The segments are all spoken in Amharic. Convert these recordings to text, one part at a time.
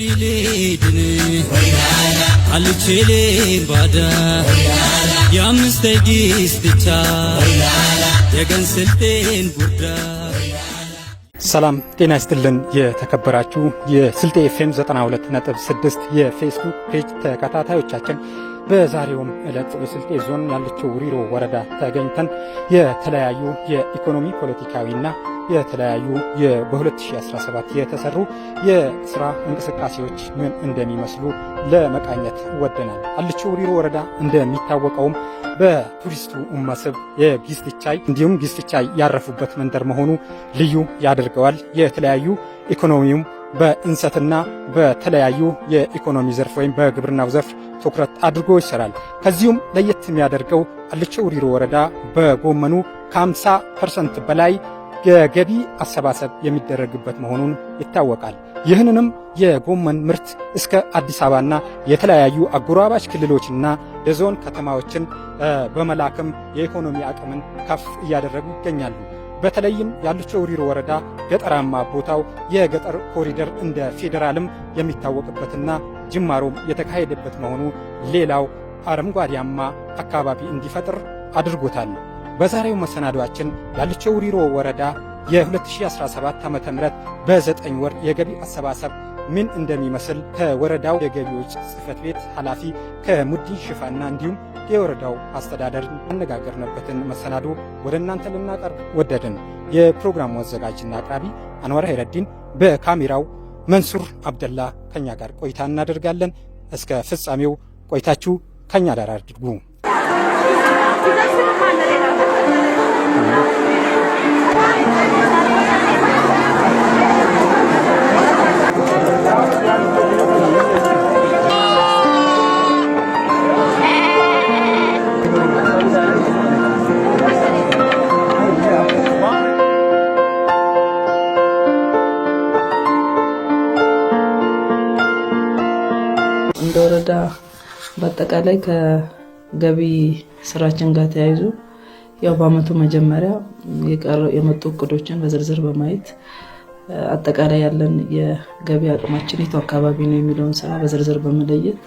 ሊሌድን አልችልም ባዳ የአምስት ዲስትቻ የቀን ስልጤን ጉርዳ ሰላም ጤና ይስጥልን። የተከበራችሁ የስልጤ ኤፍኤም 92.6 የፌስቡክ ፔጅ ተከታታዮቻችን በዛሬውም ዕለት በስልጤ ዞን ያለችው ውሪሮ ወረዳ ተገኝተን የተለያዩ የኢኮኖሚ ፖለቲካዊና የተለያዩ በ2017 የተሰሩ የስራ እንቅስቃሴዎች ምን እንደሚመስሉ ለመቃኘት ወደናል። አልቾ ውሪሮ ወረዳ እንደሚታወቀውም በቱሪስቱ መስህብ የጊስትቻይ እንዲሁም ጊስትቻይ ያረፉበት መንደር መሆኑ ልዩ ያደርገዋል። የተለያዩ ኢኮኖሚውም በእንሰትና በተለያዩ የኢኮኖሚ ዘርፍ ወይም በግብርናው ዘርፍ ትኩረት አድርጎ ይሰራል። ከዚሁም ለየት የሚያደርገው አልቾ ውሪሮ ወረዳ በጎመኑ ከ50 ፐርሰንት በላይ የገቢ አሰባሰብ የሚደረግበት መሆኑን ይታወቃል። ይህንንም የጎመን ምርት እስከ አዲስ አበባና የተለያዩ አጎራባች ክልሎችና የዞን ከተማዎችን በመላክም የኢኮኖሚ አቅምን ከፍ እያደረጉ ይገኛሉ። በተለይም ያለችው ሪሮ ወረዳ ገጠራማ ቦታው የገጠር ኮሪደር እንደ ፌዴራልም የሚታወቅበትና ጅማሮም የተካሄደበት መሆኑ ሌላው አረንጓዴያማ አካባቢ እንዲፈጥር አድርጎታል። በዛሬው መሰናዷችን ያለችው ሪሮ ወረዳ የ2017 ዓ.ም በዘጠኝ ወር የገቢ አሰባሰብ ምን እንደሚመስል ከወረዳው የገቢዎች ጽህፈት ቤት ኃላፊ ከሙዲን ሽፋና እንዲሁም የወረዳው አስተዳደር አነጋገርንበትን መሰናዶ ወደ እናንተ ልናቀርብ ወደድን። የፕሮግራሙ አዘጋጅና አቅራቢ አንዋር ሀይረዲን፣ በካሜራው መንሱር አብደላ ከኛ ጋር ቆይታ እናደርጋለን። እስከ ፍጻሜው ቆይታችሁ ከኛ ጋር አድርጉ። በአጠቃላይ ከገቢ ስራችን ጋር ተያይዞ ያው በአመቱ መጀመሪያ የመጡ እቅዶችን በዝርዝር በማየት አጠቃላይ ያለን የገቢ አቅማችን የቱ አካባቢ ነው የሚለውን ስራ በዝርዝር በመለየት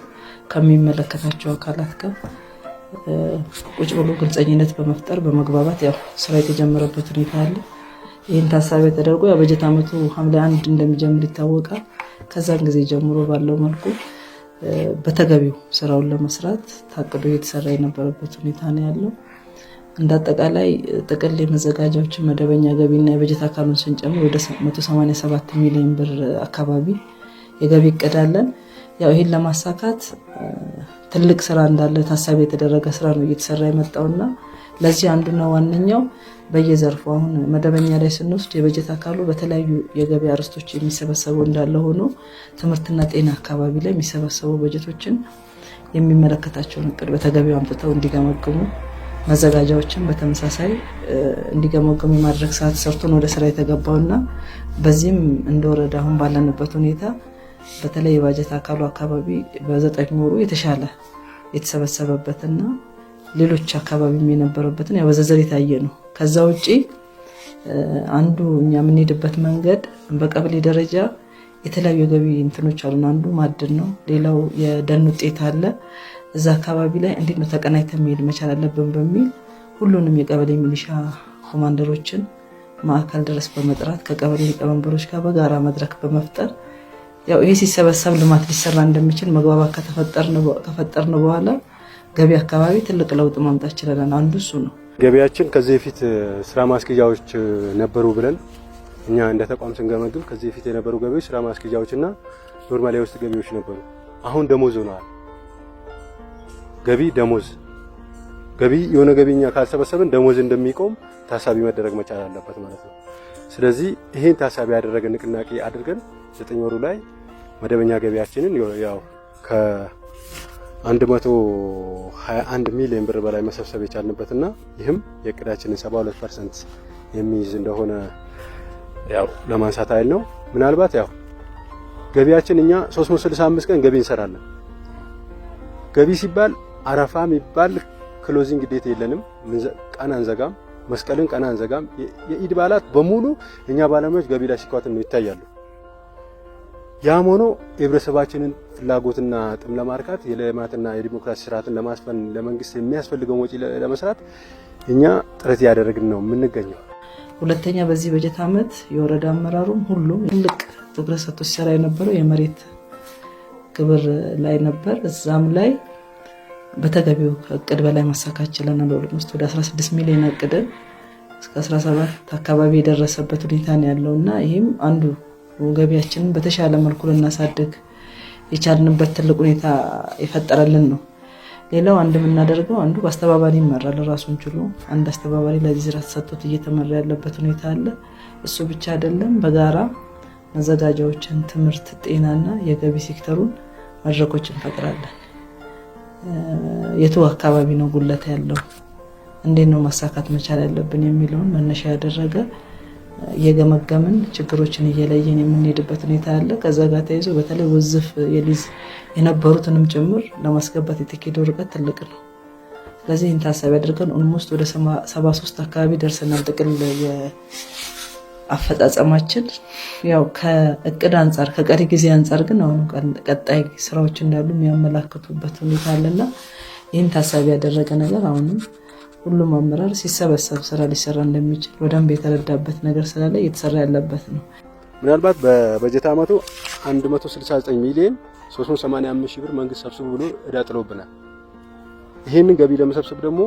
ከሚመለከታቸው አካላት ጋር ቁጭ ብሎ ግልጸኝነት በመፍጠር በመግባባት ያው ስራ የተጀመረበት ሁኔታ አለ። ይህን ታሳቢ ተደርጎ ያው በጀት አመቱ ሐምሌ አንድ እንደሚጀምር ይታወቃል። ከዛን ጊዜ ጀምሮ ባለው መልኩ በተገቢው ስራውን ለመስራት ታቅዶ እየተሰራ የነበረበት ሁኔታ ነው ያለው። እንደ አጠቃላይ ጥቅል የመዘጋጃዎችን መደበኛ ገቢና የበጀት አካሉን ስንጨምር ወደ 187 ሚሊዮን ብር አካባቢ የገቢ እቅድ ያው ይህን ለማሳካት ትልቅ ስራ እንዳለ ታሳቢ የተደረገ ስራ ነው እየተሰራ የመጣውና ለዚህ አንዱና ዋነኛው በየዘርፉ አሁን መደበኛ ላይ ስንወስድ የበጀት አካሉ በተለያዩ የገበያ አርስቶች የሚሰበሰቡ እንዳለ ሆኖ ትምህርትና ጤና አካባቢ ላይ የሚሰበሰቡ በጀቶችን የሚመለከታቸውን እቅድ በተገቢው አምጥተው እንዲገመግሙ መዘጋጃዎችን በተመሳሳይ እንዲገመገሙ የማድረግ ሰዓት ሰርቶን ወደ ስራ የተገባው እና በዚህም እንደወረደ አሁን ባለንበት ሁኔታ በተለይ የባጀት አካሉ አካባቢ በዘጠኝ ወሩ የተሻለ የተሰበሰበበትና ሌሎች አካባቢም የነበረበትን ያው በዝርዝር የታየ ነው። ከዛ ውጪ አንዱ እኛ የምንሄድበት መንገድ በቀበሌ ደረጃ የተለያዩ የገቢ እንትኖች አሉን። አንዱ ማድን ነው፣ ሌላው የደን ውጤት አለ። እዛ አካባቢ ላይ እንዴት ነው ተቀናጅተን መሄድ መቻል አለብን በሚል ሁሉንም የቀበሌ ሚሊሻ ኮማንደሮችን ማዕከል ድረስ በመጥራት ከቀበሌ ሊቀመንበሮች ጋር በጋራ መድረክ በመፍጠር ያው ይሄ ሲሰበሰብ ልማት ሊሰራ እንደሚችል መግባባት ከፈጠርን በኋላ ገበያ አካባቢ ትልቅ ለውጥ ማምጣት ችለናል። አንዱ እሱ ነው። ገበያችን ከዚህ በፊት ስራ ማስኬጃዎች ነበሩ ብለን እኛ እንደ ተቋም ስንገመግም ከዚህ በፊት የነበሩ ገቢዎች ስራ ማስኬጃዎች እና የውስጥ ገቢዎች ነበሩ። አሁን ደሞዝ ሆነዋል። ገቢ ደሞዝ ገቢ የሆነ ገቢ እኛ ካልሰበሰብን ደሞዝ እንደሚቆም ታሳቢ መደረግ መቻል አለበት ማለት ነው። ስለዚህ ይሄን ታሳቢ ያደረገ ንቅናቄ አድርገን ዘጠኝ ወሩ ላይ መደበኛ ገቢያችንን ያው 121 ሚሊዮን ብር በላይ መሰብሰብ የቻልንበትና ይህም የእቅዳችንን 72 ፐርሰንት የሚይዝ እንደሆነ ያው ለማንሳት አይል ነው። ምናልባት ያው ገቢያችን እኛ 365 ቀን ገቢ እንሰራለን። ገቢ ሲባል አረፋ የሚባል ክሎዚንግ ዴት የለንም። ቀን አንዘጋም። መስቀልን ቀን አንዘጋም። የኢድ በዓላት በሙሉ እኛ ባለሙያዎች ገቢ ላይ ሲኳትን ነው ይታያሉ። ያም ሆኖ የህብረተሰባችንን ፍላጎትና ጥም ለማርካት የልማትና የዲሞክራሲ ስርዓትን ለማስፈን ለመንግስት የሚያስፈልገውን ወጪ ለመስራት እኛ ጥረት እያደረግን ነው የምንገኘው። ሁለተኛ በዚህ በጀት ዓመት የወረዳ አመራሩም ሁሉም ትልቅ ትኩረት ሰጥቶ ሲሰራ የነበረው የመሬት ግብር ላይ ነበር። እዛም ላይ በተገቢው እቅድ በላይ ማሳካት ችለናል። በሁለት ወደ 16 ሚሊዮን እቅድን እስከ 17 አካባቢ የደረሰበት ሁኔታ ነው ያለው እና ይህም አንዱ ገቢያችንን በተሻለ መልኩ ልናሳድግ የቻልንበት ትልቅ ሁኔታ የፈጠረልን ነው። ሌላው አንድ የምናደርገው አንዱ በአስተባባሪ ይመራል። ራሱን ችሎ አንድ አስተባባሪ ለዚህ ስራ ተሰጥቶት እየተመራ ያለበት ሁኔታ አለ። እሱ ብቻ አይደለም፣ በጋራ መዘጋጃዎችን፣ ትምህርት፣ ጤናና የገቢ ሴክተሩን መድረኮች እንፈጥራለን። የቱ አካባቢ ነው ጉለት ያለው፣ እንዴት ነው ማሳካት መቻል ያለብን የሚለውን መነሻ ያደረገ እየገመገምን ችግሮችን እየለየን የምንሄድበት ሁኔታ አለ። ከዛ ጋር ተይዞ በተለይ ውዝፍ የሊዝ የነበሩትንም ጭምር ለማስገባት የተካሄደው ርቀት ትልቅ ነው። ስለዚህ ይህን ታሳቢ አድርገን ኦልሞስት ወደ 73 አካባቢ ደርሰናል። ጥቅል አፈጻጸማችን ያው ከእቅድ አንጻር ከቀሪ ጊዜ አንጻር ግን አሁን ቀጣይ ስራዎች እንዳሉ የሚያመላክቱበት ሁኔታ አለና ይህን ታሳቢ ያደረገ ነገር አሁንም ሁሉም አመራር ሲሰበሰብ ስራ ሊሰራ እንደሚችል በደንብ የተረዳበት ነገር ስላለ እየተሰራ ያለበት ነው። ምናልባት በበጀት ዓመቱ 169 ሚሊዮን 385 ሺህ ብር መንግስት ሰብስቡ ብሎ እዳ ጥሎብናል። ይህንን ገቢ ለመሰብሰብ ደግሞ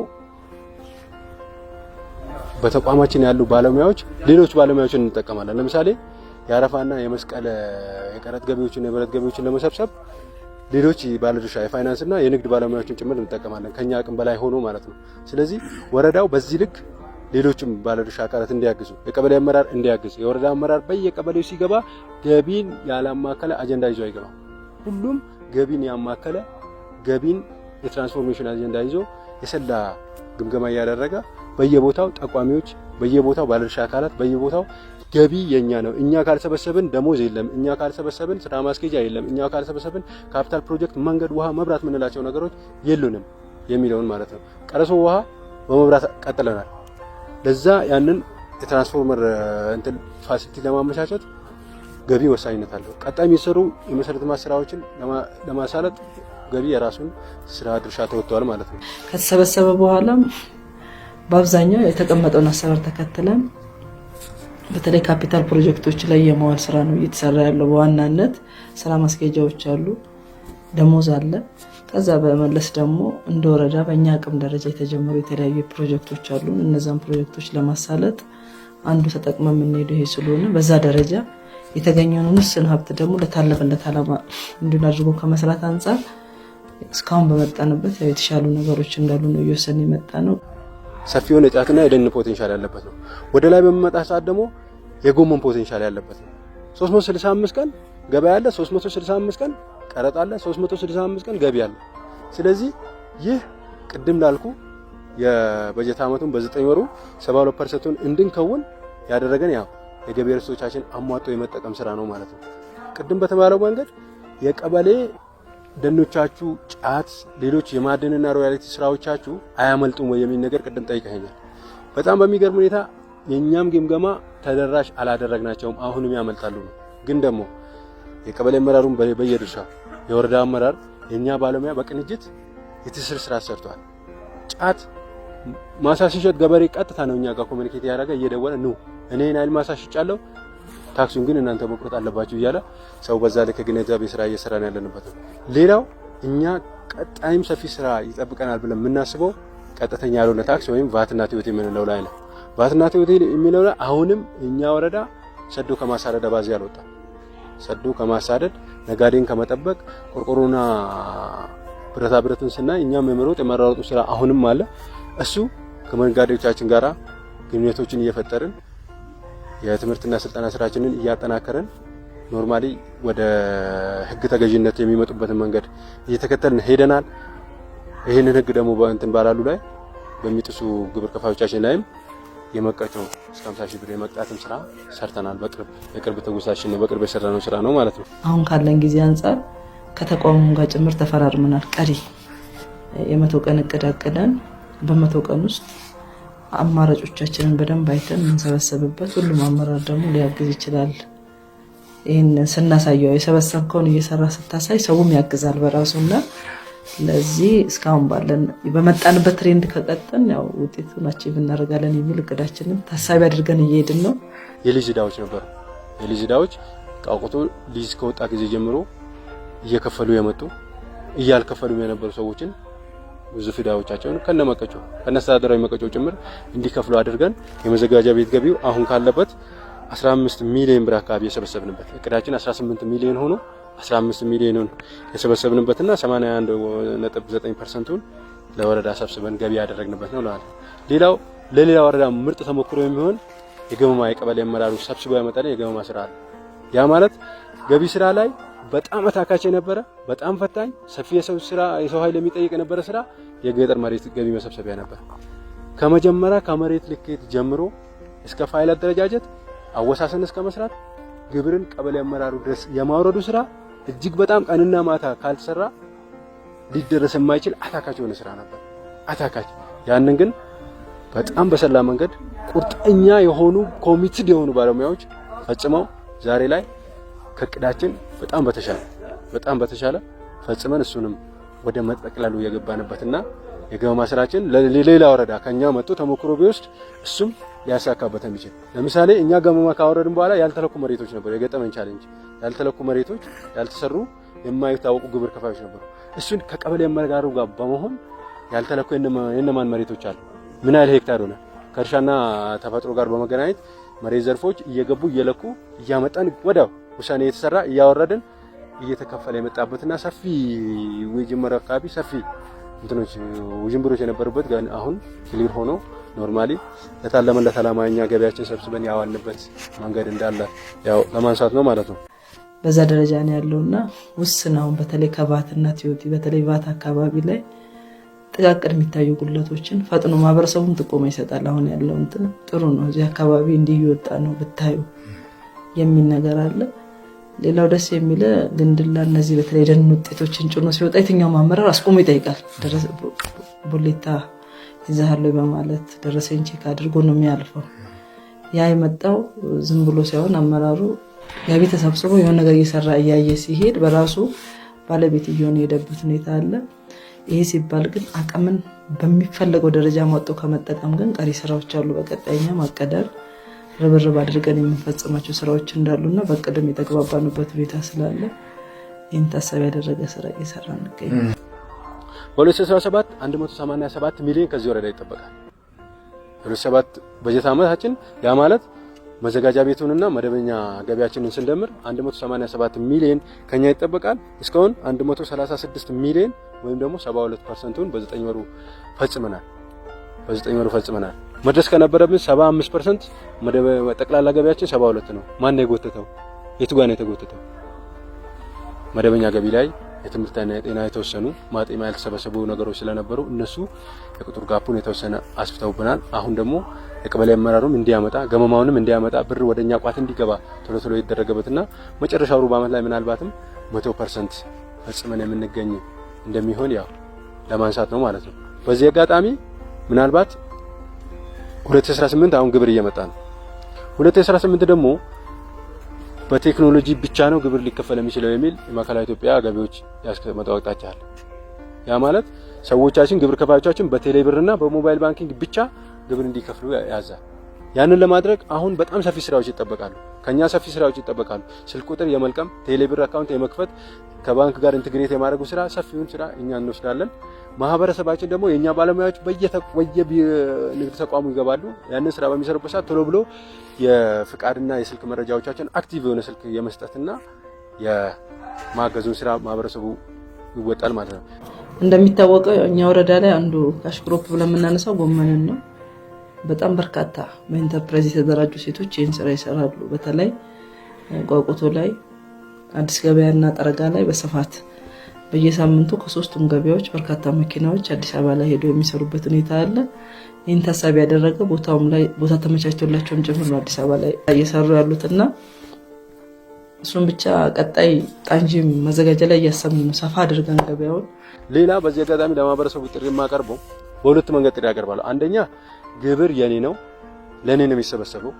በተቋማችን ያሉ ባለሙያዎች ሌሎች ባለሙያዎችን እንጠቀማለን። ለምሳሌ የአረፋና የመስቀል የቀረጥ ገቢዎችን የብረት ገቢዎችን ለመሰብሰብ ሌሎች ባለድርሻ የፋይናንስ እና የንግድ ባለሙያዎችን ጭምር እንጠቀማለን ከኛ አቅም በላይ ሆኖ ማለት ነው። ስለዚህ ወረዳው በዚህ ልክ ሌሎችም ባለድርሻ አካላት እንዲያግዙ፣ የቀበሌ አመራር እንዲያግዝ፣ የወረዳ አመራር በየቀበሌው ሲገባ ገቢን ያላማከለ አጀንዳ ይዞ አይገባም። ሁሉም ገቢን ያማከለ ገቢን የትራንስፎርሜሽን አጀንዳ ይዞ የሰላ ግምገማ እያደረገ በየቦታው ጠቋሚዎች፣ በየቦታው ባለድርሻ አካላት፣ በየቦታው ገቢ የኛ ነው። እኛ ካልሰበሰብን ደሞዝ የለም። እኛ ካልሰበሰብን ስራ ማስኬጃ የለም። እኛ ካልሰበሰብን ካፒታል ፕሮጀክት፣ መንገድ፣ ውሃ፣ መብራት የምንላቸው ነገሮች የሉንም የሚለውን ማለት ነው። ቀረሶ ውሃ በመብራት ቀጥለናል። ለዛ ያንን የትራንስፎርመር እንትን ፋሲሊቲ ለማመቻቸት ገቢ ወሳኝነት አለው። ቀጣይ የሚሰሩ የመሰረተ ልማት ስራዎችን ለማሳለጥ ገቢ የራሱን ስራ ድርሻ ተወጥተዋል ማለት ነው። ከተሰበሰበ በኋላም በአብዛኛው የተቀመጠውን አሰራር ተከትለን በተለይ ካፒታል ፕሮጀክቶች ላይ የመዋል ስራ ነው እየተሰራ ያለው። በዋናነት ስራ ማስኬጃዎች አሉ፣ ደሞዝ አለ። ከዛ በመለስ ደግሞ እንደ ወረዳ በእኛ አቅም ደረጃ የተጀመሩ የተለያዩ ፕሮጀክቶች አሉ። እነዛን ፕሮጀክቶች ለማሳለጥ አንዱ ተጠቅመ የምንሄዱ ይሄ ስለሆነ በዛ ደረጃ የተገኘውን ውስን ሀብት ደግሞ ለታለፈለት ዓላማ እንዲሁን አድርጎ ከመስራት አንጻር እስካሁን በመጣንበት የተሻሉ ነገሮች እንዳሉ ነው እየወሰን የመጣ ነው። ሰፊ የሆነ የጫትና የደን ፖቴንሻል ያለበት ነው። ወደ ላይ በሚመጣ ሰዓት ደግሞ የጎመን ፖቴንሻል ያለበት ነው። 365 ቀን ገበያ አለ፣ 365 ቀን ቀረጥ አለ፣ 365 ቀን ገቢ አለ። ስለዚህ ይህ ቅድም ላልኩ የበጀት ዓመቱን 9 ወሩ 72 ፐርሰንቱን እንድንከውን ያደረገን ያው የገቢ ርስቶቻችን አሟጦ የመጠቀም ስራ ነው ማለት ነው። ቅድም በተባለው መንገድ የቀበሌ ደኖቻችሁ ጫት፣ ሌሎች የማዕድንና ሮያሊቲ ስራዎቻችሁ አያመልጡም ወይ የሚል ነገር ቅድም ጠይቀኸኛል። በጣም በሚገርም ሁኔታ የእኛም ግምገማ ተደራሽ አላደረግናቸውም። አሁንም ያመልጣሉ ነው። ግን ደግሞ የቀበሌ አመራሩን በየድርሻ የወረዳ አመራር የእኛ ባለሙያ በቅንጅት የትስር ስራ ሰርቷል። ጫት ማሳ ሲሸጥ ገበሬ ቀጥታ ነው እኛ ጋር ኮሚኒኬት ያደረገ እየደወለ ኑ እኔ ናይል ማሳ ሽጫለሁ ታክሱን ግን እናንተ መቁረጥ አለባችሁ እያለ ሰው በዛ ልክ ግንዛቤ ስራ እየሰራ ነው ያለንበት። ሌላው እኛ ቀጣይም ሰፊ ስራ ይጠብቀናል ብለን የምናስበው ቀጥተኛ ያልሆነ ታክስ ወይም ቫትና ቲዮቲ የምንለው ላይ ነው። ቫትና ቲዮቲ የሚለው ላይ አሁንም እኛ ወረዳ ሰዶ ከማሳደድ አባዜ አልወጣም። ሰዶ ከማሳደድ ነጋዴን ከመጠበቅ ቆርቆሮና ብረታ ብረትን ስናይ እኛም የመሮጥ የመራረጡ ስራ አሁንም አለ። እሱ ከመንጋዴዎቻችን ጋራ ግንኙነቶችን እየፈጠርን የትምህርትና ስልጠና ስራችንን እያጠናከረን ኖርማሊ ወደ ህግ ተገዥነት የሚመጡበትን መንገድ እየተከተልን ሄደናል። ይህንን ህግ ደግሞ በእንትን ባላሉ ላይ በሚጥሱ ግብር ከፋዮቻችን ላይም የመቀጮ እስከ 50 ሺህ ብር የመቅጣትም ስራ ሰርተናል። በቅርብ የቅርብ ትውሳችን ነው፣ በቅርብ የሰራነው ስራ ነው ማለት ነው። አሁን ካለን ጊዜ አንጻር ከተቋሙ ጋር ጭምር ተፈራርመናል። ቀሪ የመቶ ቀን እቅድ አቅደን በመቶ ቀን ውስጥ አማራጮቻችንን በደንብ አይተን የምንሰበሰብበት ሁሉም አመራር ደግሞ ሊያግዝ ይችላል። ይህን ስናሳየው የሰበሰብከውን እየሰራ ስታሳይ ሰውም ያግዛል በራሱ እና ለዚህ እስካሁን ባለን በመጣንበት ትሬንድ ከቀጠን ያው ውጤቱ ናቸው እናደርጋለን የሚል እቅዳችንን ታሳቢ አድርገን እየሄድን ነው። የሊዝ ዕዳዎች ነበር። የሊዝ ዕዳዎች ቃውቁቶ ሊዝ ከወጣ ጊዜ ጀምሮ እየከፈሉ የመጡ እያልከፈሉም የነበሩ ሰዎችን ብዙ ፊዳዎቻቸውን ከነ መቀጮ ከነ አስተዳደራዊ ጭምር እንዲከፍሉ አድርገን የመዘጋጃ ቤት ገቢው አሁን ካለበት 15 ሚሊዮን ብር አካባቢ የሰበሰብንበት እቅዳችን 18 ሚሊዮን ሆኖ 15 ሚሊዮኑን የሰበሰብንበትና 81.9%ን ለወረዳ ሰብስበን ገቢ ያደረግንበት ነው ለማለት። ሌላው ለሌላ ወረዳ ምርጥ ተሞክሮ የሚሆን የገመማ የቀበሌ አመራሩ ሰብስቦ ያመጣልን የገመማ ስራ አለ። ያ ማለት ገቢ ስራ ላይ በጣም አታካች የነበረ በጣም ፈታኝ ሰፊ የሰው ስራ የሰው ኃይል የሚጠይቅ የነበረ ስራ የገጠር መሬት ገቢ መሰብሰቢያ ነበር። ከመጀመሪያ ከመሬት ልኬት ጀምሮ እስከ ፋይል አደረጃጀት አወሳሰን እስከ መስራት ግብርን ቀበሌ አመራሩ ድረስ የማውረዱ ስራ እጅግ በጣም ቀንና ማታ ካልተሰራ ሊደረስ የማይችል አታካች የሆነ ስራ ነበር። አታካች ያንን ግን በጣም በሰላ መንገድ ቁርጠኛ የሆኑ ኮሚትድ የሆኑ ባለሙያዎች ፈጽመው ዛሬ ላይ ከእቅዳችን በጣም በተሻለ በጣም በተሻለ ፈጽመን እሱንም ወደ መጠቅለሉ የገባንበትና የገማ ስራችን ለሌላ ወረዳ ከኛ መጥቶ ተሞክሮ ቢወስድ እሱም ሊያሳካበት የሚችል ለምሳሌ እኛ ገመማ ካወረድን በኋላ ያልተለኩ መሬቶች ነበሩ። የገጠመን ቻሌንጅ ያልተለኩ መሬቶች፣ ያልተሰሩ የማይታወቁ ግብር ከፋዮች ነበሩ። እሱን ከቀበሌ አመራሩ ጋር በመሆን ያልተለኩ የነማን መሬቶች አሉ፣ ምን ያህል ሄክታር ሆነ፣ ከእርሻና ተፈጥሮ ጋር በመገናኘት መሬት ዘርፎች እየገቡ እየለኩ እያመጣን ወዲያው ውሳኔ እየተሰራ እያወረድን እየተከፈለ የመጣበትና ሰፊ ጅምር አካባቢ ሰፊ እንትኖች ውዥንብሮች የነበሩበት አሁን ክሊር ሆኖ ኖርማሊ ለታለመለት ለተላማኛ ገበያችን ሰብስበን ያዋልንበት መንገድ እንዳለ ያው ለማንሳት ነው ማለት ነው። በዛ ደረጃ ነው ያለው እና ውስን አሁን በተለይ ከቫትና ቲዮቲ በተለይ ቫት አካባቢ ላይ ጥቃቅን የሚታዩ ጉለቶችን ፈጥኖ ማህበረሰቡም ጥቆማ ይሰጣል። አሁን ያለው እንትን ጥሩ ነው። እዚህ አካባቢ እንዲህ እየወጣ ነው ብታዩ የሚል ነገር አለ። ሌላው ደስ የሚለ ግንድላ እነዚህ በተለይ ደን ውጤቶችን ጭኖ ሲወጣ የትኛውም አመራር አስቆሞ ይጠይቃል። ቦሌታ ይዛሃለ በማለት ደረሰኝ ቼክ አድርጎ ነው የሚያልፈው። ያ የመጣው ዝም ብሎ ሳይሆን አመራሩ ገቢ ተሰብስቦ የሆነ ነገር እየሰራ እያየ ሲሄድ በራሱ ባለቤት እየሆነ የሄደበት ሁኔታ አለ። ይሄ ሲባል ግን አቅምን በሚፈለገው ደረጃ ማውጣት ከመጠቀም ግን ቀሪ ስራዎች አሉ። በቀጣይኛ ማቀደር ረበረብ አድርገን የምንፈጽማቸው ስራዎች እንዳሉ እና በቅድም የተግባባንበት ሁኔታ ስላለ ይህን ታሳቢ ያደረገ ስራ እየሰራ እንገኝ። በ2017 187 ሚሊዮን ከዚህ ወረዳ ይጠበቃል። በጀት ዓመታችን ያ ማለት መዘጋጃ ቤቱንና መደበኛ ገቢያችንን ስንደምር 187 ሚሊዮን ከኛ ይጠበቃል። እስካሁን 136 ሚሊዮን ወይም ደግሞ 72 ፐርሰንቱን በ9 ወሩ ፈጽመናል። በ9 ወሩ ፈጽመናል። መድረስ ከነበረብን 75% ጠቅላላ ገቢያችን 72 ነው። ማን ነው የጎተተው? የቱ ጋር ነው የተጎተተው? መደበኛ ገቢ ላይ የትምህርትና የጤና የተወሰኑ ማጤማ ያልተሰበሰቡ ነገሮች ስለነበሩ እነሱ የቁጥር ጋፑን የተወሰነ አስፍተውብናል። አሁን ደግሞ የቀበሌ አመራሩም እንዲያመጣ ገመማውንም እንዲያመጣ ብር ወደኛ ቋት እንዲገባ ቶሎ ቶሎ ይደረገበትና መጨረሻው ሩብ ዓመት ላይ ምናልባትም መቶ ፐርሰንት ፈጽመን የምንገኝ እንደሚሆን ያው ለማንሳት ነው ማለት ነው። በዚህ አጋጣሚ ምናልባት 2018 አሁን ግብር እየመጣ ነው። 2018 ደግሞ በቴክኖሎጂ ብቻ ነው ግብር ሊከፈል የሚችለው የሚል የማዕከላዊ ኢትዮጵያ ገቢዎች ያስቀመጠው አቅጣጫ አለ። ያ ማለት ሰዎቻችን ግብር ከፋዮቻችን በቴሌብርና በሞባይል ባንኪንግ ብቻ ግብር እንዲከፍሉ ያዛል። ያንን ለማድረግ አሁን በጣም ሰፊ ስራዎች ይጠበቃሉ፣ ከኛ ሰፊ ስራዎች ይጠበቃሉ። ስልክ ቁጥር የመልቀም ቴሌብር አካውንት የመክፈት ከባንክ ጋር ኢንትግሬት የማድረጉ ስራ ሰፊውን ስራ እኛ እንወስዳለን። ማህበረሰባችን ደግሞ የእኛ ባለሙያዎች በየንግድ ተቋሙ ይገባሉ። ያንን ስራ በሚሰሩበት ሰዓት ቶሎ ብሎ የፍቃድና የስልክ መረጃዎቻችን አክቲቭ የሆነ ስልክ የመስጠትና የማገዙን ስራ ማህበረሰቡ ይወጣል ማለት ነው። እንደሚታወቀው እኛ ወረዳ ላይ አንዱ ካሽ ክሮፕ ብለን የምናነሳው ጎመንን ነው። በጣም በርካታ በኢንተርፕራይዝ የተደራጁ ሴቶች ይህን ስራ ይሰራሉ። በተለይ ቋቁቶ ላይ፣ አዲስ ገበያና ጠረጋ ላይ በስፋት በየሳምንቱ ከሶስቱም ገበያዎች በርካታ መኪናዎች አዲስ አበባ ላይ ሄደው የሚሰሩበት ሁኔታ አለ። ይህን ታሳቢ ያደረገ ቦታውም ላይ ቦታ ተመቻችቶላቸውም ጭምር ነው አዲስ አበባ ላይ እየሰሩ ያሉትና እሱም ብቻ ቀጣይ ጣንጂም መዘጋጃ ላይ እያሰሙ ሰፋ አድርገን ገበያውን ሌላ በዚህ አጋጣሚ ለማህበረሰቡ ጥሪ የማቀርበው በሁለት መንገድ ጥሪ ያቀርባለሁ። አንደኛ ግብር የኔ ነው፣ ለእኔ ነው የሚሰበሰበው።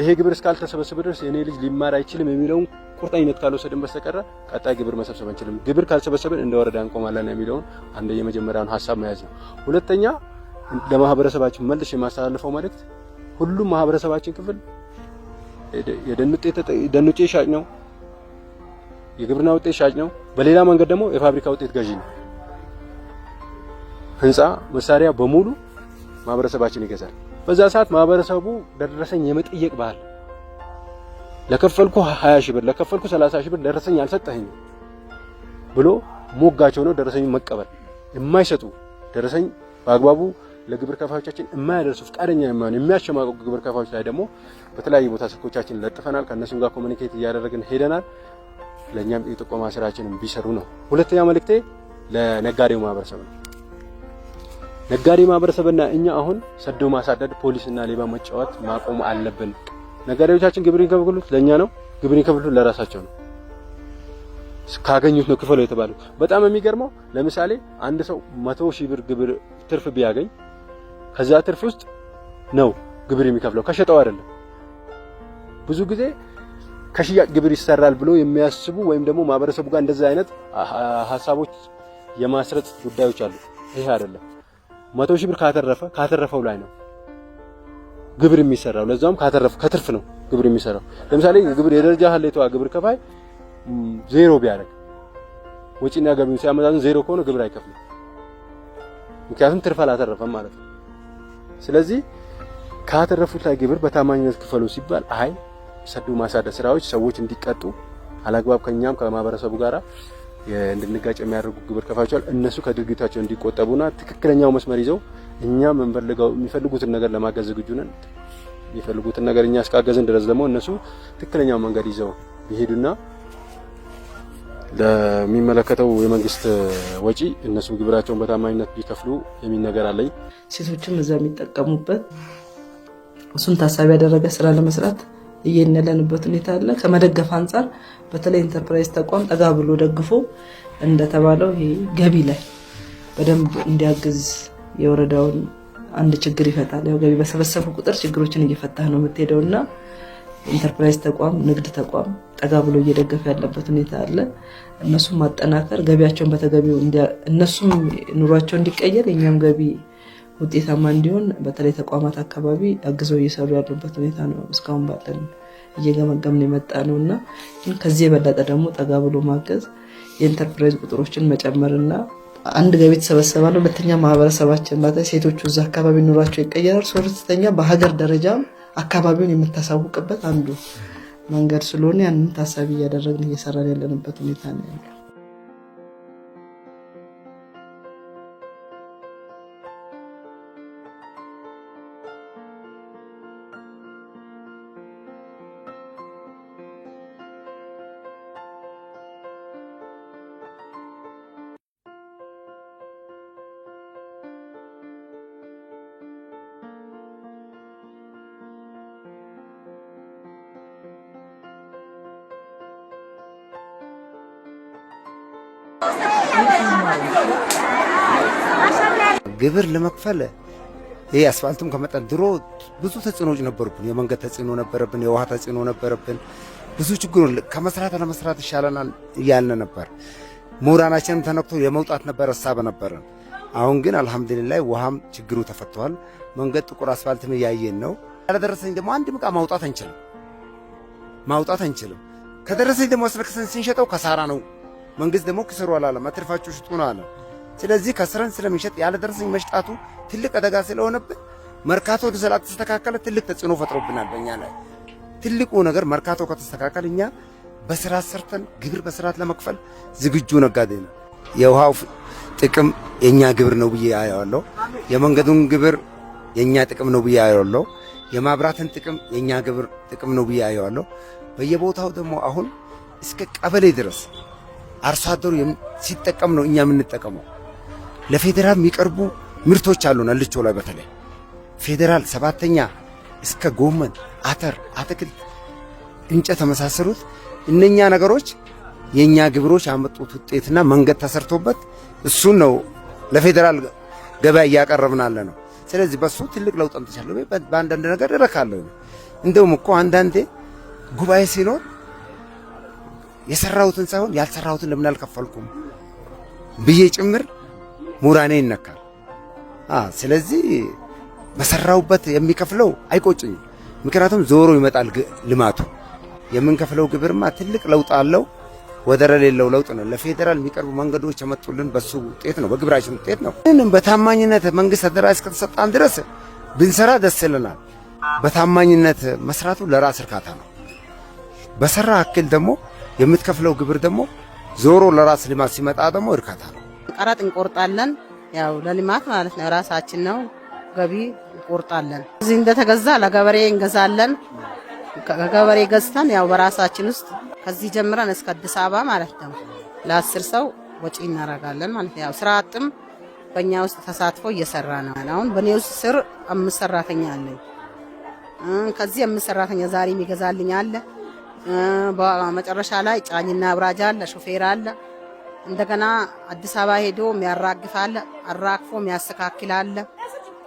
ይሄ ግብር እስካልተሰበሰበ ድረስ የኔ ልጅ ሊማር አይችልም የሚለውን ቁርጠኝነት ካልወሰድን በስተቀረ ቀጣይ ግብር መሰብሰብ አንችልም። ግብር ካልሰበሰብን እንደ ወረዳ እንቆማለን የሚለውን አንደ የመጀመሪያውን ሀሳብ መያዝ ነው። ሁለተኛ ለማህበረሰባችን መልስ የማስተላልፈው መልእክት ሁሉም ማህበረሰባችን ክፍል የደን ውጤት ሻጭ ነው፣ የግብርና ውጤት ሻጭ ነው፣ በሌላ መንገድ ደግሞ የፋብሪካ ውጤት ገዢ ነው። ህንፃ መሳሪያ በሙሉ ማህበረሰባችን ይገዛል። በዛ ሰዓት ማህበረሰቡ ደረሰኝ የመጠየቅ ባህል ለከፈልኩ 20 ሺህ ብር ለከፈልኩ 30 ሺህ ብር ደረሰኝ አልሰጠኝ ብሎ ሞጋቸው ነው ደረሰኙ መቀበል የማይሰጡ ደረሰኝ በአግባቡ ለግብር ከፋዮቻችን የማያደርሱ ፍቃደኛ የማይሆኑ የሚያሸማቀቁ ግብር ከፋዮች ላይ ደግሞ በተለያዩ ቦታ ስልኮቻችን ለጥፈናል። ከእነሱም ጋር ኮሚኒኬት እያደረግን ሄደናል። ለእኛም የጥቆማ ስራችንን ቢሰሩ ነው። ሁለተኛ መልእክቴ ለነጋዴው ማህበረሰብ ነው። ነጋዴ ማህበረሰብና እኛ አሁን ሰዶ ማሳደድ፣ ፖሊስና ሌባ መጫወት ማቆም አለብን። ነጋዴዎቻችን ግብር የሚከፍሉት ለእኛ ነው፣ ግብር የሚከፍሉት ለራሳቸው ነው። ካገኙት ነው ክፈለው የተባለው። በጣም የሚገርመው ለምሳሌ አንድ ሰው መቶ ሺህ ብር ግብር ትርፍ ቢያገኝ ከዛ ትርፍ ውስጥ ነው ግብር የሚከፍለው ከሸጠው አይደለም። ብዙ ጊዜ ከሽያጭ ግብር ይሰራል ብሎ የሚያስቡ ወይም ደግሞ ማህበረሰቡ ጋር እንደዛ አይነት ሀሳቦች የማስረጽ ጉዳዮች አሉ። ይሄ አይደለም። መቶ ሺህ ብር ካተረፈ ካተረፈው ላይ ነው ግብር የሚሰራው። ለዛውም ካተረፈ ከትርፍ ነው ግብር የሚሰራው። ለምሳሌ ግብር የደረጃ ሀሌታዋ ግብር ከፋይ ዜሮ ቢያደርግ ወጪና ገቢውን ሲያመዛዝን ዜሮ ከሆነ ግብር አይከፍልም። ምክንያቱም ትርፍ አላተረፈም ማለት ነው። ስለዚህ ካተረፉት ላይ ግብር በታማኝነት ክፈሉ ሲባል አይ ሰዱ ማሳደር ስራዎች ሰዎች እንዲቀጡ አላግባብ ከኛም ከማህበረሰቡ ጋራ እንድንጋጭ የሚያደርጉ ግብር ከፋቸዋል። እነሱ ከድርጊታቸው እንዲቆጠቡና ትክክለኛው መስመር ይዘው እኛ የሚፈልጉትን ነገር ለማገዝ ዝግጁ ነን። የሚፈልጉትን ነገር እኛ እስካገዝን ድረስ ደግሞ እነሱ ትክክለኛው መንገድ ይዘው ቢሄዱና ለሚመለከተው የመንግስት ወጪ እነሱ ግብራቸውን በታማኝነት ቢከፍሉ የሚል ነገር አለኝ። ሴቶችም እዛ የሚጠቀሙበት እሱን ታሳቢ ያደረገ ስራ ለመስራት እየነለንበት ሁኔታ አለ። ከመደገፍ አንጻር በተለይ ኢንተርፕራይዝ ተቋም ጠጋ ብሎ ደግፎ እንደተባለው ይሄ ገቢ ላይ በደንብ እንዲያግዝ የወረዳውን አንድ ችግር ይፈታል። ያው ገቢ በሰበሰቡ ቁጥር ችግሮችን እየፈታህ ነው የምትሄደው እና ኢንተርፕራይዝ ተቋም፣ ንግድ ተቋም ጠጋ ብሎ እየደገፈ ያለበት ሁኔታ አለ። እነሱም ማጠናከር ገቢያቸውን በተገቢው እነሱም ኑሯቸው እንዲቀየር የኛም ገቢ ውጤታማ እንዲሆን በተለይ ተቋማት አካባቢ አግዘው እየሰሩ ያሉበት ሁኔታ ነው እስካሁን ባለን እየገመገምን የመጣ ነው እና ከዚህ የበለጠ ደግሞ ጠጋ ብሎ ማገዝ የኢንተርፕራይዝ ቁጥሮችን መጨመርና አንድ ገቢ ነው። ሁለተኛ ማህበረሰባችን ላይ ሴቶቹ እዛ አካባቢ ኑሯቸው ይቀየራል። ሶስተኛ በሀገር ደረጃም አካባቢውን የምታሳውቅበት አንዱ መንገድ ስለሆነ ያንን ታሳቢ እያደረግን እየሰራን ያለንበት ሁኔታ ነው ያለው። ግብር ለመክፈል ይሄ አስፋልቱም ከመጣ ድሮ ብዙ ተጽዕኖዎች ነበሩብን። የመንገድ ተጽዕኖ ነበረብን፣ የውሃ ተጽዕኖ ነበረብን። ብዙ ችግሩ ከመስራት ለመስራት ይሻለናል እያልን ነበር። ምሁራናችንም ተነክቶ የመውጣት ነበር ሀሳብ ነበረን። አሁን ግን አልሐምዱሊላህ ውሃም ችግሩ ተፈቷል። መንገድ ጥቁር አስፋልትም እያየን ነው። ያለደረሰኝ ደግሞ አንድ ዕቃ ማውጣት አንችልም፣ ማውጣት አንችልም። ከደረሰኝ ደግሞ አስለክሰን ስንሸጠው ከሳራ ነው። መንግስት ደግሞ ክስሩ አላለም፣ አትርፋችሁ ሽጡ ነው አለ። ስለዚህ ከስረን ስለሚሸጥ ያለ ደረሰኝ መሽጣቱ ትልቅ አደጋ ስለሆነብን መርካቶ ስላልተስተካከለ ትልቅ ተጽዕኖ ፈጥሮብናል በእኛ ላይ። ትልቁ ነገር መርካቶ ከተስተካከለ እኛ በስርዓት ሰርተን ግብር በስርዓት ለመክፈል ዝግጁ ነጋዴ ነው። የውሃው ጥቅም የእኛ ግብር ነው ብዬ አየዋለሁ። የመንገዱን ግብር የእኛ ጥቅም ነው ብዬ አየዋለሁ። የማብራትን ጥቅም የእኛ ግብር ጥቅም ነው ብዬ አየዋለሁ። በየቦታው ደግሞ አሁን እስከ ቀበሌ ድረስ አርሶ አደሩ ሲጠቀም ነው እኛ የምንጠቀመው። ለፌዴራል የሚቀርቡ ምርቶች አሉን። አልቾ ላይ በተለይ ፌዴራል ሰባተኛ እስከ ጎመን፣ አተር፣ አትክልት፣ እንጨት ተመሳሰሉት እነኛ ነገሮች የኛ ግብሮች ያመጡት ውጤትና መንገድ ተሰርቶበት እሱን ነው ለፌዴራል ገበያ እያቀረብን አለ ነው። ስለዚህ በሱ ትልቅ ለውጥ አምጥቻለሁ። በአንዳንድ ነገር እረካለሁ። እንደውም እኮ አንዳንዴ ጉባኤ ሲኖር የሰራሁትን ሳይሆን ያልሰራሁትን ለምን አልከፈልኩም ብዬ ጭምር ሙራኔ ይነካል። ስለዚህ በሰራሁበት የሚከፍለው አይቆጭኝም። ምክንያቱም ዞሮ ይመጣል ልማቱ። የምንከፍለው ግብርማ ትልቅ ለውጥ አለው፣ ወደር የሌለው ለውጥ ነው። ለፌዴራል የሚቀርቡ መንገዶች የመጡልን በሱ ውጤት ነው፣ በግብራችን ውጤት ነው። ምንም በታማኝነት መንግስት አደራጅ እስከተሰጣን ድረስ ብንሰራ ደስ ይለናል። በታማኝነት መስራቱ ለራስ እርካታ ነው። በሰራ አክል ደግሞ የምትከፍለው ግብር ደግሞ ዞሮ ለራስ ልማት ሲመጣ ደግሞ እርካታ ነው። ቀረጥ እንቆርጣለን፣ ያው ለልማት ማለት ነው። ራሳችን ነው ገቢ እንቆርጣለን። እዚህ እንደተገዛ ለገበሬ እንገዛለን። ከገበሬ ገዝተን ያው በራሳችን ውስጥ ከዚህ ጀምረን እስከ አዲስ አበባ ማለት ነው ለአስር ሰው ወጪ እናደርጋለን ማለት ነው። ያው ስራ አጥም በእኛ ውስጥ ተሳትፎ እየሰራ ነው። አሁን በእኔ ውስጥ ስር አምስት ሰራተኛ አለኝ። ከዚህ አምስት ሰራተኛ ዛሬ የሚገዛልኝ አለ መጨረሻ ላይ ጫኝና አብራጅ አለ፣ ሹፌር አለ። እንደገና አዲስ አበባ ሄዶ የሚያራግፍ አለ፣ አራግፎ የሚያስተካክል አለ፣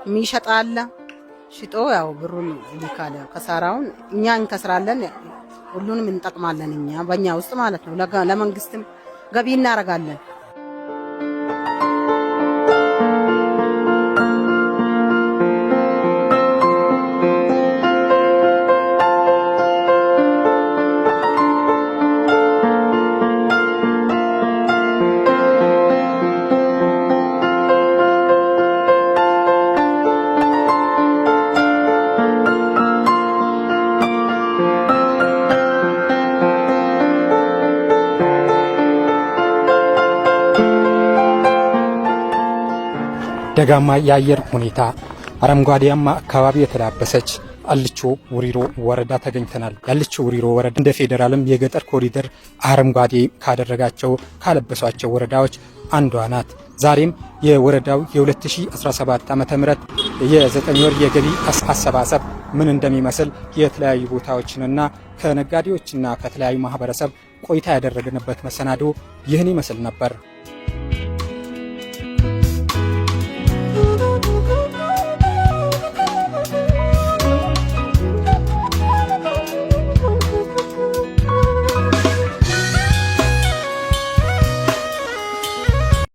የሚሸጥ አለ። ሽጦ ያው ብሩን ይካለ ከሳራውን እኛ እንከስራለን፣ ሁሉንም እንጠቅማለን። እኛ በእኛ ውስጥ ማለት ነው። ለመንግስትም ገቢ እናደርጋለን። ደጋማ የአየር ሁኔታ አረንጓዴያማ አካባቢ የተላበሰች አልቾ ውሪሮ ወረዳ ተገኝተናል። ቃሊቲ ውሪሮ ወረዳ እንደ ፌዴራልም የገጠር ኮሪደር አረንጓዴ ካደረጋቸው ካለበሷቸው ወረዳዎች አንዷ ናት። ዛሬም የወረዳው የ2017 ዓ ም የዘጠኝ ወር የገቢ አሰባሰብ ምን እንደሚመስል የተለያዩ ቦታዎችንና ከነጋዴዎችና ከተለያዩ ማህበረሰብ ቆይታ ያደረግንበት መሰናዶ ይህን ይመስል ነበር።